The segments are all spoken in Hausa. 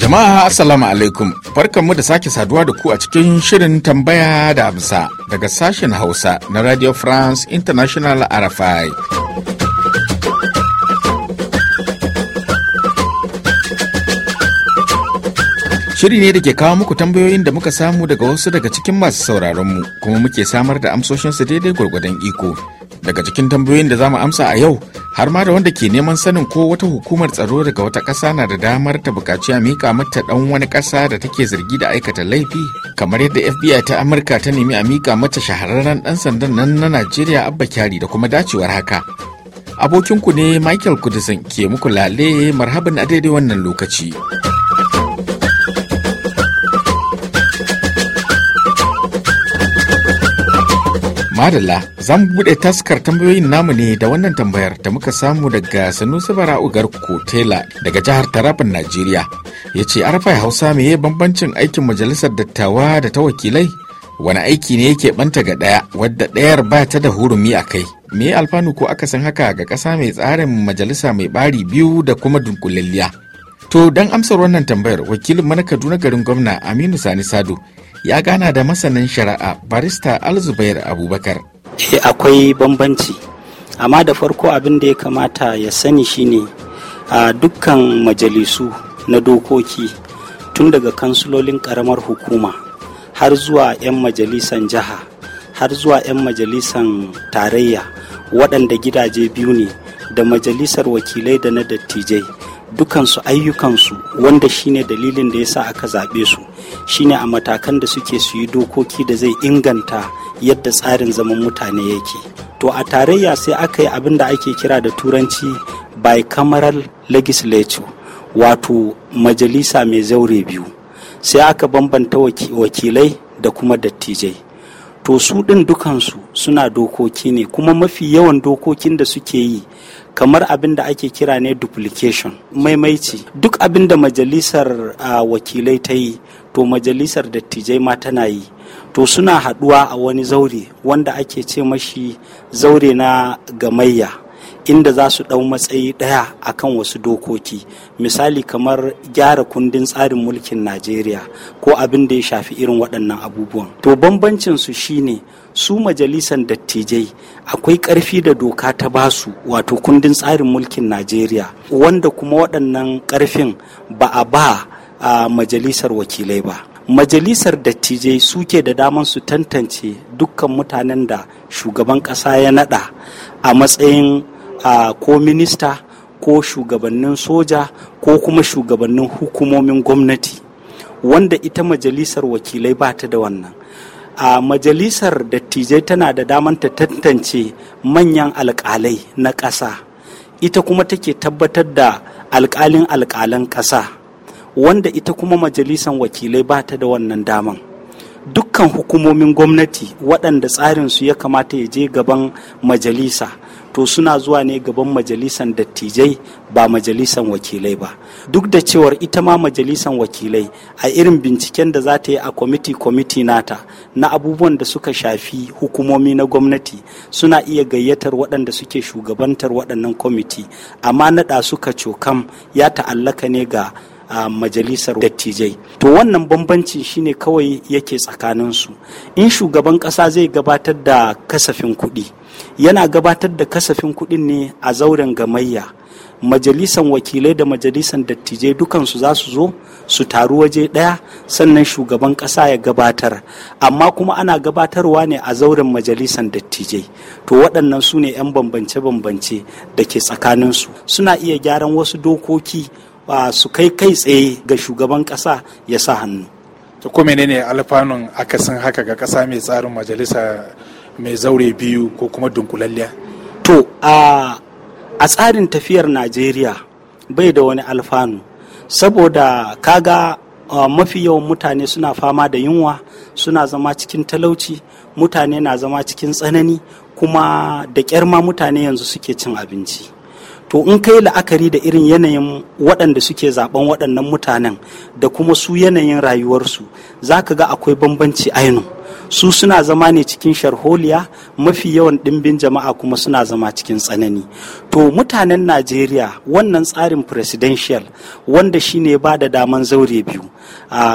Jama'a Assalamu alaikum farkonmu da sake saduwa da ku a cikin shirin tambaya da amsa daga sashen Hausa na Radio France International RFI. Shiri ne da ke kawo muku tambayoyin da muka samu daga wasu daga cikin masu sauraronmu kuma muke samar da amsoshinsu daidai gwargwadon iko. Daga cikin tambayoyin da za mu amsa a yau har ma da wanda ke neman sanin ko wata hukumar tsaro daga wata ƙasa na da damar ta buƙaci a mika mata ɗan wani ƙasa da take zargi da aikata laifi kamar yadda FBI ta Amurka ta nemi a mika mata shahararren ɗan sandan nan na Najeriya Abba Kyari da kuma dacewar haka. Abokinku ne Michael Kudisin ke muku lale marhaban a daidai wannan lokaci. Madalla za mu buɗe taskar tambayoyin namu ne da wannan tambayar da muka samu daga Sanusi Bara'u ugar Tela daga jihar Taraban Najeriya. Ya ce Arafai Hausa me ya bambancin aikin majalisar dattawa da ta wakilai? Wani aiki ne yake banta ga ɗaya wadda ɗayar ba ta da hurumi a kai. Me alfanu ko aka san haka ga ƙasa mai tsarin majalisa mai ɓari biyu da kuma dunkulalliya? To don amsar wannan tambayar wakilin mana Kaduna garin gwamna Aminu Sani Sado ya gana da masanin shari'a barista alzubair abubakar eh, akwai bambanci amma da farko abin da ya kamata ya sani shine a dukkan majalisu na dokoki tun daga kansulolin karamar hukuma har zuwa 'yan majalisan jiha har zuwa 'yan majalisan tarayya waɗanda gidaje biyu ne da majalisar wakilai da na dattijai dukansu ayyukansu wanda shine dalilin da ya sa aka zaɓe su shine a matakan da suke su yi dokoki da zai inganta yadda tsarin zaman mutane yake to a tarayya sai aka yi abin da ake kira da turanci bicameral legislature wato majalisa mai zaure biyu sai aka bambanta wakilai da kuma dattijai to su ɗin dukansu suna dokoki ne kuma mafi yawan dokokin da suke yi kamar abin da ake kira ne duplication maimaici duk abin da majalisar wakilai ta yi to majalisar dattijai ma tana yi to suna haduwa a wani zaure wanda ake ce mashi zaure na gamayya inda za su ɗau matsayi ɗaya a kan wasu dokoki misali kamar gyara kundin tsarin mulkin najeriya ko abin da ya shafi irin waɗannan abubuwan to bambancin su shine su majalisan dattijai akwai ƙarfi da doka ta basu wato kundin tsarin mulkin najeriya wanda kuma waɗannan ƙarfin ba a ba a majalisar wakilai ba majalisar dattijai suke da daman su tantance dukkan mutanen da shugaban ƙasa ya naɗa a matsayin A ko minista ko shugabannin soja ko kuma shugabannin hukumomin gwamnati wanda ita majalisar wakilai ba ta da wannan a majalisar dattijai tana da daman ta tantance manyan alkalai na ƙasa ita kuma take tabbatar da alkalin alkalan ƙasa wanda ita kuma majalisar wakilai ba ta da wannan daman dukkan hukumomin gwamnati waɗanda tsarinsu ya kamata ya je gaban majalisa to suna zuwa ne gaban majalisan dattijai ba majalisan wakilai ba duk da cewar ita ma majalisan wakilai a irin binciken da za ta yi a kwamiti kwamiti nata na abubuwan da suka shafi hukumomi na gwamnati suna iya gayyatar waɗanda suke shugabantar waɗannan kwamiti amma naɗa suka cokam ya ta'allaka ne ga a majalisar dattijai to wannan bambanci shine kawai yake tsakaninsu in shugaban ƙasa zai gabatar da kasafin kuɗi yana gabatar da kasafin kuɗin ne a zauren gamayya majalisan wakilai da majalisan dattijai dukansu za su zo su taru waje ɗaya sannan shugaban ƙasa ya gabatar amma kuma ana gabatarwa ne a zauren majalisan dattijai to waɗannan su ne 'yan bambance-bambance da ke tsakaninsu suna iya gyaran wasu dokoki su kai kai tsaye ga shugaban ƙasa ya sa hannu. ko menene alfanun akasin haka ga ƙasa mai tsarin majalisa mai zaure biyu ko kuma dunkulalliya to a tsarin tafiyar najeriya bai da wani alfanu saboda kaga ga mafi yawan mutane suna fama da yunwa suna zama cikin talauci mutane na zama cikin tsanani kuma da kyarma mutane yanzu suke cin abinci to in kai la'akari da irin yanayin waɗanda suke zaben waɗannan mutanen da kuma su yanayin rayuwarsu za ka ga akwai bambanci ainu su suna zama ne cikin sharholiya mafi yawan ɗimbin jama'a kuma suna zama cikin tsanani to mutanen najeriya wannan tsarin presidential wanda shine ba da daman zaure biyu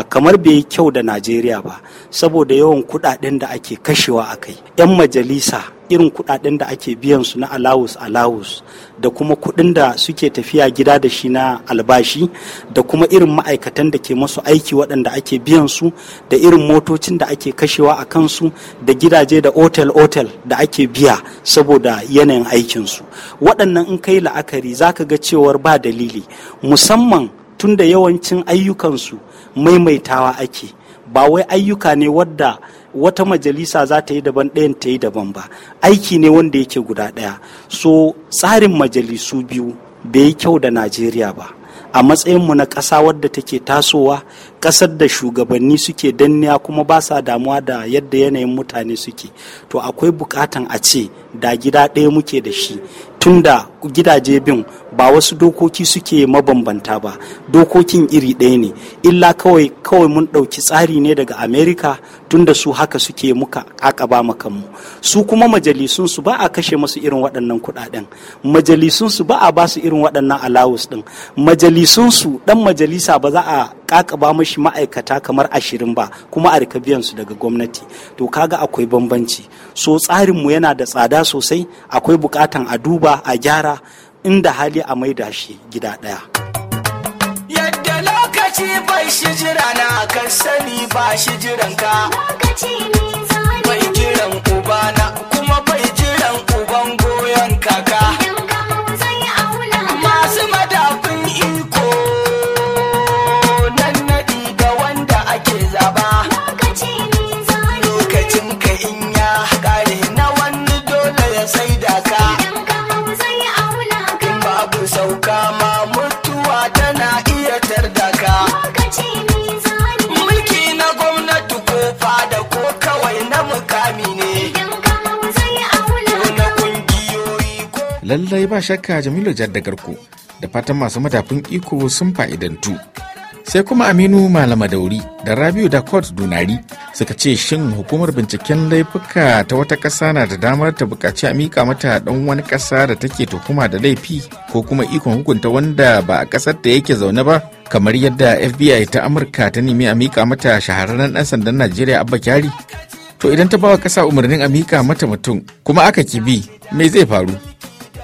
kamar bai yi kyau da najeriya ba saboda yawan kudaden da ake kashewa a kai 'yan majalisa irin kudaden da ake biyan su na alawus alawus da kuma kudin da suke tafiya gida da shi na albashi da kuma irin ma'aikatan da ke masu aiki waɗanda ake biyan su da irin motocin da ake kashewa a kansu da gidaje da otel otel da ake biya saboda yanayin aikinsu waɗannan in kai la'akari za ka ga cewar ba dalili musamman tun da yawancin ayyukansu maimaitawa ake ba wai ayyuka ne wadda wata majalisa za ta yi daban ɗayan ta yi daban ba aiki ne wanda yake guda ɗaya so tsarin majalisu biyu bai yi kyau da najeriya ba a matsayinmu na ƙasa wadda take tasowa ƙasar da shugabanni suke danniya kuma ba sa damuwa da yadda yanayin mutane suke to akwai buƙatan a ce da gida ɗaya muke da shi tunda gidaje bin ba wasu dokoki suke mabambanta ba dokokin iri ɗaya ne illa kawai kawai mun ɗauki tsari ne daga amerika tunda su haka suke muka akaba makanmu su kuma majalisun su ba a kashe masu irin waɗannan kuɗaɗen majalisun su ba a ba su irin waɗannan alawus ɗin majalisun su ɗan majalisa ba za a kakaba mashi ma'aikata kamar ashirin ba kuma a rika biyan su daga gwamnati to kaga akwai bambanci so tsarinmu yana da tsada sosai akwai bukatan a duba a gyara inda hali a maida shi gida ɗaya. Yadda lokaci bai shi jira na kan sani ba shi jiran ka. Bai jiran uba na kuma bai jiran uban goyon kaka. ba shakka Jamilu Jaddagarku da fatan masu matafin iko sun fa'idantu. Sai kuma Aminu Malama Dauri da Rabiu da Kot Dunari suka ce shin hukumar binciken laifuka ta wata ƙasa na da damar ta buƙaci a miƙa mata ɗan wani ƙasa da take tuhuma da laifi ko kuma ikon hukunta wanda ba a ƙasar da yake zaune ba kamar yadda FBI ta Amurka ta nemi a mika mata shahararren ɗan sandan Najeriya Abba Kyari. To idan ta bawa ƙasa umarnin a mika mata mutum kuma aka ki bi me zai faru?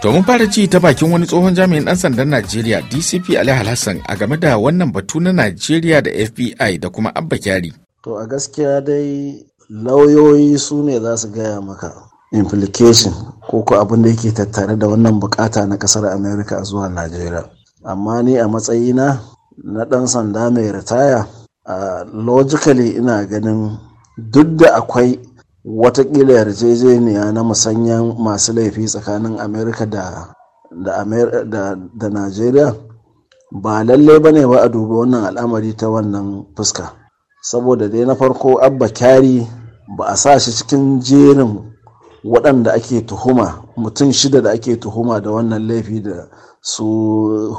To mun fara ci ta bakin wani tsohon jami'in ɗan sandan Najeriya DCP Ali Hassan a game da wannan batu na Najeriya da FBI da kuma Abba Kyari. To a gaskiya dai lauyoyi su ne za su gaya maka implication ko ko abin da yake tattare da wannan bukata na kasar america zuwa najeriya amma ni a matsayina na ɗan sanda mai ritaya a logically ina ganin duk da akwai watakila yarjejeniya na musanyen masu laifi tsakanin amerika da da najeriya ba lalle ba ba a duba wannan al'amari ta wannan fuska saboda dai na farko abba kyari ba a sa shi cikin jerin waɗanda ake tuhuma mutum shida da ake tuhuma da wannan laifi da su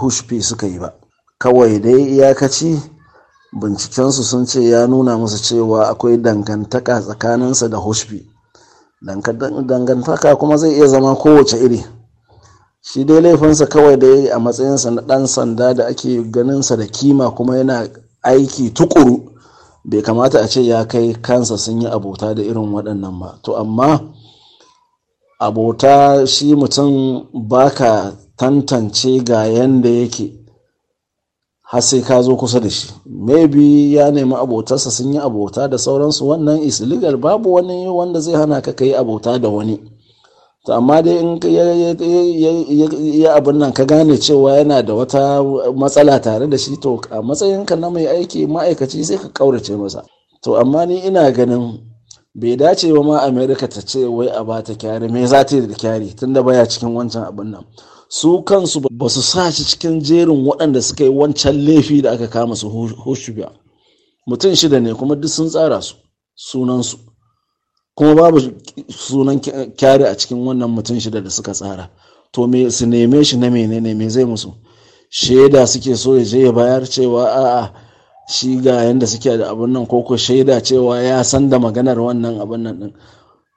hushfi suka yi ba kawai dai iyakaci bincikensu sun ce ya nuna musu cewa akwai dangantaka tsakaninsa da hushbi dangantaka kuma zai iya zama kowace iri shi dai laifinsa kawai da ya yi a matsayinsa na ɗan sanda da ake ganinsa da kima kuma yana aiki tukuru bai kamata a ce ya kai kansa sun yi abota da irin waɗannan ba to amma abota shi mutum baka tantance ga yanda yake har sai ka zo kusa da shi maybe ya nemi abotarsa sun yi abota da sauransu wannan is legal babu wani wanda zai hana ka yi abota da wani to amma dai in ya abin nan ka gane cewa yana da wata matsala tare da shi to a ka na mai aiki ma'aikaci sai ka kaurace masa to amma ni ina ganin bai dace ba ma america ta ce wai a bata kyari me za ta yi da kyari tunda baya cikin wancan abin nan su kansu ba su sa shi cikin jerin waɗanda suka yi wancan laifi da aka kama su ba mutum shida ne kuma duk sun tsara su sunansu kuma babu sunan kyari a cikin wannan mutum shida da suka tsara to me su neme shi na menene me zai musu shaida suke so ya je ya bayar cewa a shi ga yanda suke da abin nan ko ko shaida cewa ya san da maganar wannan abin nan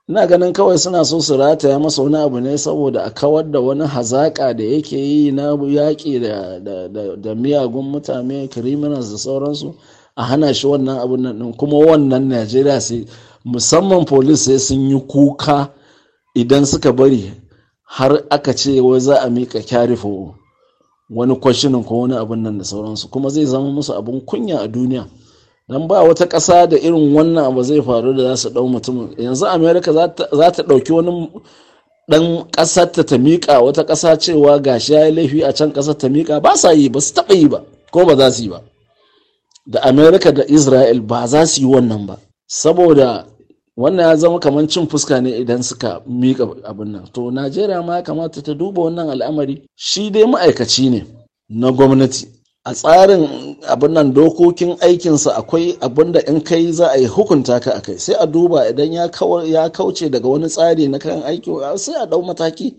ina ganin kawai suna so su rataya masa wani abu ne saboda a kawar da wani hazaƙa da yake yi na yaƙi da miyagun mutane criminals da sauransu a hana shi wannan abun nan ɗin kuma wannan najeriya sai musamman polis sai sun yi kuka idan suka bari har aka ce wai za a mika kyarifo wani kwashinin ko wani abun nan da sauransu kuma zai zama musu abun kunya a duniya don ba wata ƙasa da irin wannan abu zai faru da za su ɗau mutum yanzu amerika za ta ɗauki wani ɗan ƙasar ta miƙa wata ƙasa cewa ga shi ya yi laifi a can ƙasar ta miƙa ba sa yi ba su taɓa yi ba ko ba za su yi ba da amerika da israel ba za su yi wannan ba saboda wannan ya zama kamar cin fuska ne idan suka miƙa abin nan to najeriya ma ya kamata ta duba wannan al'amari shi dai ma'aikaci ne na gwamnati a tsarin abin nan dokokin aikinsa akwai abin da in kai za a yi hukunta ka a kai sai a duba idan ya kauce daga wani tsari na kayan aiki sai a dau mataki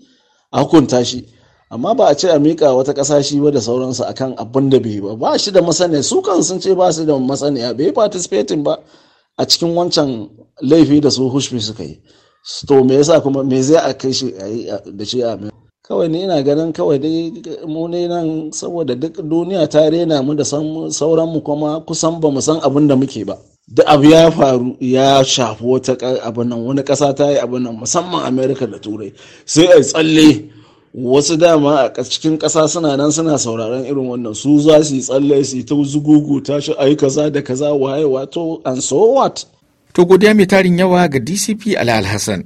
a hukunta shi amma ba a ce a miƙa wata ƙasa shi ba da sauransu akan abin da bai ba ba shi da masaniya su kan sun ce ba su da masaniya bai participating ba a cikin wancan laifi da su hushmi suka yi to me yasa kuma me zai a kai shi da shi a me kawai ne ina ganin kawai dai mu ne nan saboda duk duniya ta rena mu da sauran mu kuma kusan ba mu san abin da muke ba duk abu ya faru ya shafi wata abin nan wani kasa ta yi abin nan musamman america da turai sai a tsalle wasu dama a cikin kasa suna nan suna sauraron irin wannan su za su yi tsalle su yi ta zugugu ta shi a kaza da kaza waye wato and so what to godiya mai tarin yawa ga dcp alhassan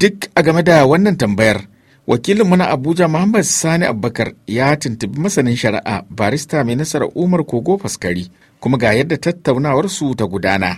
duk a game da wannan tambayar wakilin na Abuja Muhammad Sani Abubakar ya tuntubi masanin shari'a barista mai nasarar Umar Kogo Faskari kuma ga yadda tattaunawar su ta gudana.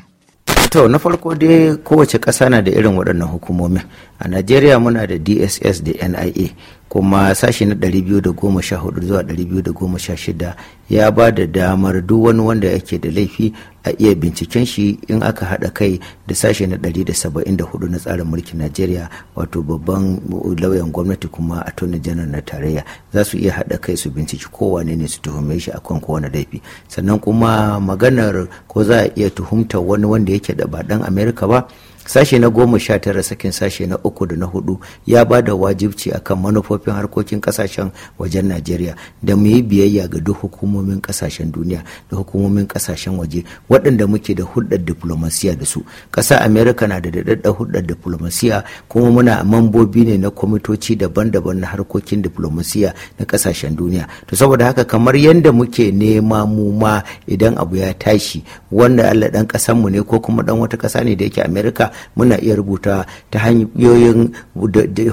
To na farko dai kowace ƙasa na da irin waɗannan hukumomi. A Najeriya muna da DSS da NIA kuma sashi na 214 zuwa 216 ya ba da damar duk wani wanda yake da laifi a iya binciken shi in aka haɗa kai da sashe na 174 na tsarin mulkin najeriya wato babban lauyan gwamnati kuma a tonin janar na tarayya za su iya haɗa kai su binciki kowane ne su tuhume shi a akan kowane laifi sannan kuma maganar ko za a iya tuhumta wani wanda yake da ba dan amerika ba sashe na goma sha tara sakin sashe na uku da na hudu ya ba da wajibci akan manufofin harkokin kasashen wajen najeriya da mu yi biyayya ga duk hukumomin kasashen duniya da hukumomin kasashen waje waɗanda muke da hulɗar diplomasiya da su ƙasa america na da daɗaɗɗar hulɗar diplomasiya kuma muna mambobi ne na kwamitoci daban-daban na harkokin diplomasiya na kasashen duniya to saboda haka kamar yadda muke nema mu ma idan abu ya tashi wanda allah ɗan ƙasanmu ne ko kuma ɗan wata ƙasa ne da yake america muna iya rubuta ta hanyoyin hudodin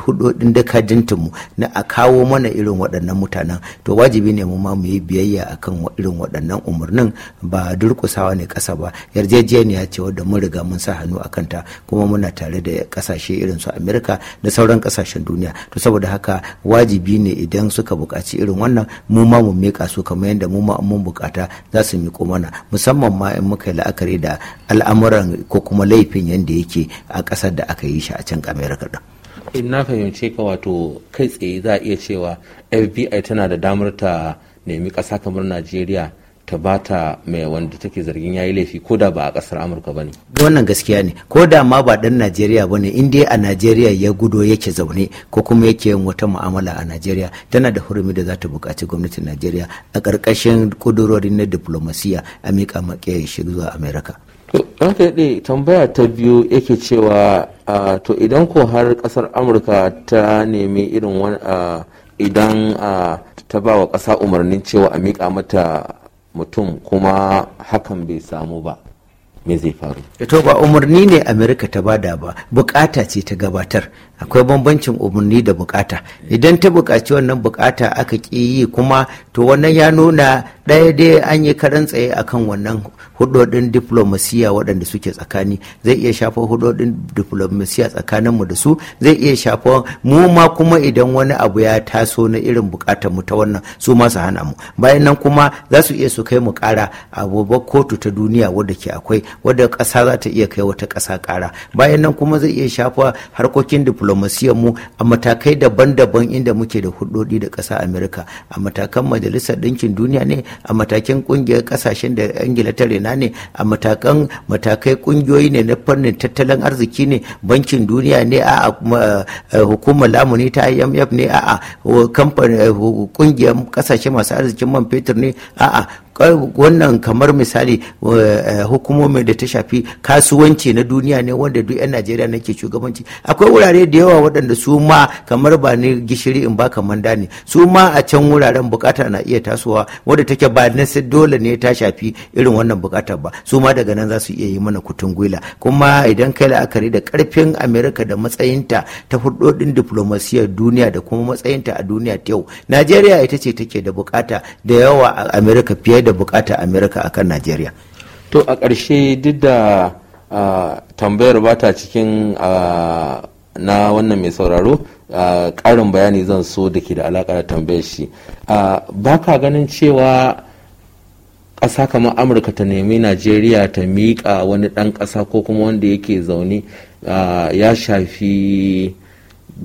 mu na a kawo mana irin waɗannan mutanen to wajibi ne mu ma mu yi biyayya akan irin waɗannan umarnin ba durƙusawa ne ƙasa ba yarjejeniya ce wadda mun riga mun sa hannu a ta kuma muna tare da ƙasashe irin su amerika da sauran ƙasashen duniya to saboda haka wajibi ne idan suka buƙaci irin wannan mu ma mu miƙa su kamar yadda mu ma mun buƙata za su miƙo mana musamman ma in muka yi la'akari da al'amuran ko kuma laifin yadda yake yake a ƙasar da aka yi shi a can amerika ɗin in eh, na fahimce ka wato kai tsaye za a iya cewa fbi tana da damar ta nemi ƙasa kamar najeriya ta bata mai wanda take zargin yayi laifi ko da ba a kasar amurka ne wannan gaskiya ne ko da ma ba dan najeriya bane in dai a najeriya ya gudo yake zaune ko kuma yake yin wata mu'amala a najeriya tana da hurumi da za ta buƙaci gwamnatin najeriya a ƙarƙashin ƙudurorin na diplomasiya a miƙa maƙiyayi shi zuwa amerika ranka tambaya ta biyu yake cewa to idan ko har ƙasar amurka ta nemi irin wani idan ta ba wa ƙasa umarnin cewa a miƙa mata mutum kuma hakan bai samu ba me zai faru ito ba umarni ne amurka ta bada ba bukata ce ta gabatar akwai bambancin umarni da bukata idan ta bukaci wannan bukata aka ki yi kuma to wannan ya nuna ɗaya dai an yi karan tsaye akan wannan hudodin diplomasiya waɗanda suke tsakani zai iya shafa hudodin diplomasiya tsakaninmu da su zai iya shafa mu ma kuma idan wani abu ya taso na irin bukatar mu ta wannan su ma su hana mu bayan nan kuma za su iya su kai mu kara a babbar kotu ta duniya wadda ke akwai wadda ƙasa za ta iya kai wata ƙasa kara bayan nan kuma zai iya shafa harkokin diplomasiya diplomasiyar mu a matakai daban-daban inda muke da hudodi da ƙasa Amerika a matakan majalisar ɗinkin duniya ne a matakin ƙungiyar ƙasashen da Ingila ta rena ne a matakan matakai ƙungiyoyi ne na fannin tattalin arziki ne bankin duniya ne a eh, hukumar lamuni ta IMF ne a kamfanin eh, ƙungiyar ƙasashe masu arzikin man fetur ne a wannan kamar misali eh, eh, hukumomi da ta shafi kasuwanci na duniya ne wanda duk 'yan najeriya nake shugabanci akwai wurare da yawa waɗanda su ma kamar ba ni gishiri in ba manda da ne su ma a can wuraren bukata na iya tasowa wadda take ba na dole ne ta shafi irin wannan bukatar ba su ma daga nan za su iya yi mana kutun gwila kuma idan kai la'akari da karfin amerika da matsayinta ta hudodin diplomasiyar duniya da kuma matsayinta a duniya ta yau najeriya ita ce take da bukata da yawa a amerika fiye fiye da bukata amerika akan najeriya to a ƙarshe duk da tambayar bata ta cikin na wannan mai sauraro ƙarin bayani zan so da ke da alaƙa da tambayar shi ba ka ganin cewa ƙasa kamar amurka ta nemi najeriya ta miƙa wani ɗan ƙasa ko kuma wanda yake zaune ya shafi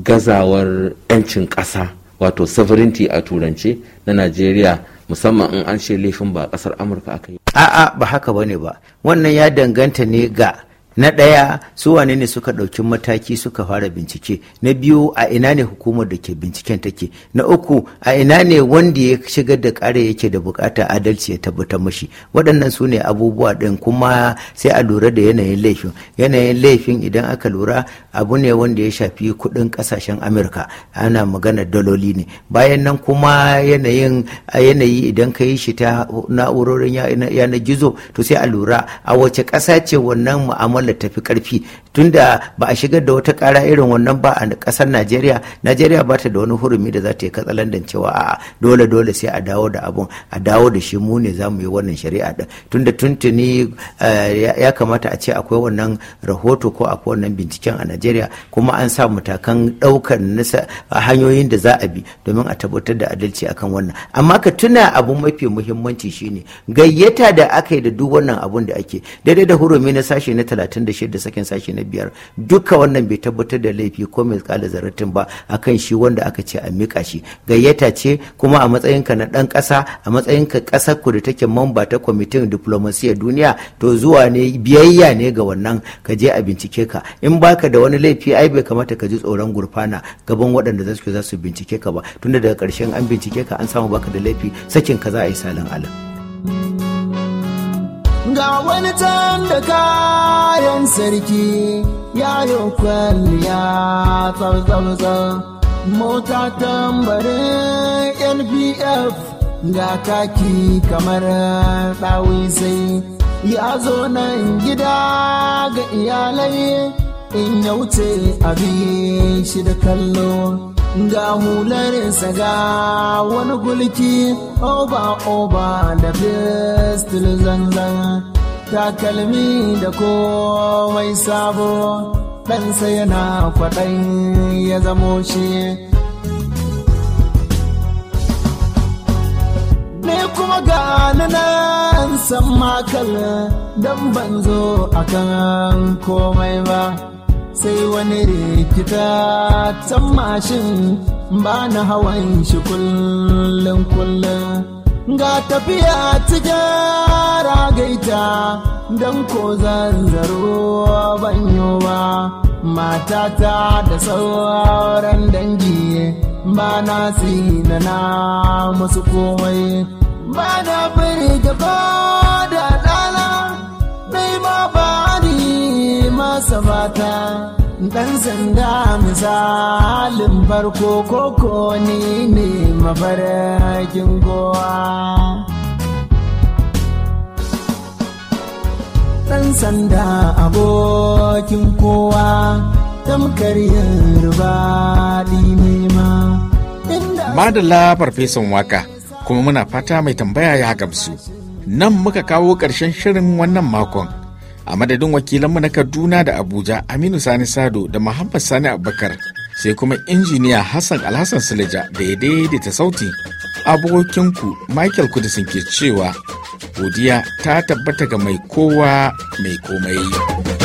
gazawar 'yancin ƙasa wato sovereignty a turance na najeriya musamman in an ce laifin ba kasar amurka aka yi a'a ba haka bane ba wannan ya danganta ne ga na ɗaya su wane ne suka ɗauki mataki suka fara bincike na biyu a ina ne hukumar da ke binciken take na uku a ina ne wanda ya shigar da ƙara yake da bukata adalci ya tabbatar mashi waɗannan su ne abubuwa ɗin kuma sai a lura da yanayin laifin yanayin laifin idan aka lura abu ne wanda ya shafi kuɗin ƙasashen amurka ana magana daloli ne bayan nan kuma yanayin yanayi idan ka yi shi ta na'urorin yanar gizo to sai a lura a wace ƙasa ce wannan mu'amala matsalar tafi karfi tunda ba a shigar da wata kara irin wannan ba a kasar najeriya najeriya ba ta da wani hurumi da za ta yi katsalandan cewa a dole dole sai a dawo da abun a dawo da shi mu ne za mu yi wannan shari'a din tunda tuntuni eh, ya kamata a ce akwai wannan rahoto ko akwai wannan binciken a najeriya kuma an sa matakan ɗaukar hanyoyin da za a bi domin a tabbatar da adalci akan wannan amma ka tuna abu mafi muhimmanci shine gayyata da aka yi da duk wannan abun da ake daidai da hurumi na sashe na 30 36 sakin sashi na biyar duka wannan bai tabbatar da laifi ko mai kala zaratin ba akan shi wanda aka ce a mika shi gayyata ce kuma a matsayinka na ɗan kasa a matsayinka ƙasar ku da take mamba ta kwamitin diplomasiya duniya to zuwa ne biyayya ne ga wannan ka je a bincike ka in baka da wani laifi ai bai kamata ka ji tsoron gurfana gaban waɗanda za su za su bincike ka ba tunda daga ƙarshen an bincike ka an samu baka da laifi sakin ka za a yi salin alam ga wani ta Wanda kayan sarki ya yi kwalliya tsabtsabtsab mota tambarin npf ga kaki kamar sai. ya zo nan gida ga iyalai in yauce wuce abin shi da kallo ga sa ga wani gulki oba oba da festil zanzan takalmi da komai sabo ɗansa yana kwaɗayin ya zamo shi ne kuma ga nan san makal don ban zo a kan komai ba sai wani rikita can mashin ba na hawan shi kullum kullum ga tafiya ta gaita don ko zanzaro banyo ba matata da sauran dangi ba na sina na musu komai ba na birge ba da ɗana bai ma ba ni masa mata dan sanda misalin barko koko ni ne mafarkin gowa dan sanda abokin kowa tamkar yin rubaɗi ma. madalla farfesan waka kuma muna fata mai tambaya ya gamsu nan muka kawo ƙarshen shirin wannan makon a madadin wakilanmu na kaduna da abuja aminu sani sado da muhammad sani abubakar sai kuma injiniya hassan alhassan suleja da ya daidaita sauti abokinku michael kudisin ke cewa godiya ta tabbata ga mai kowa mai komai.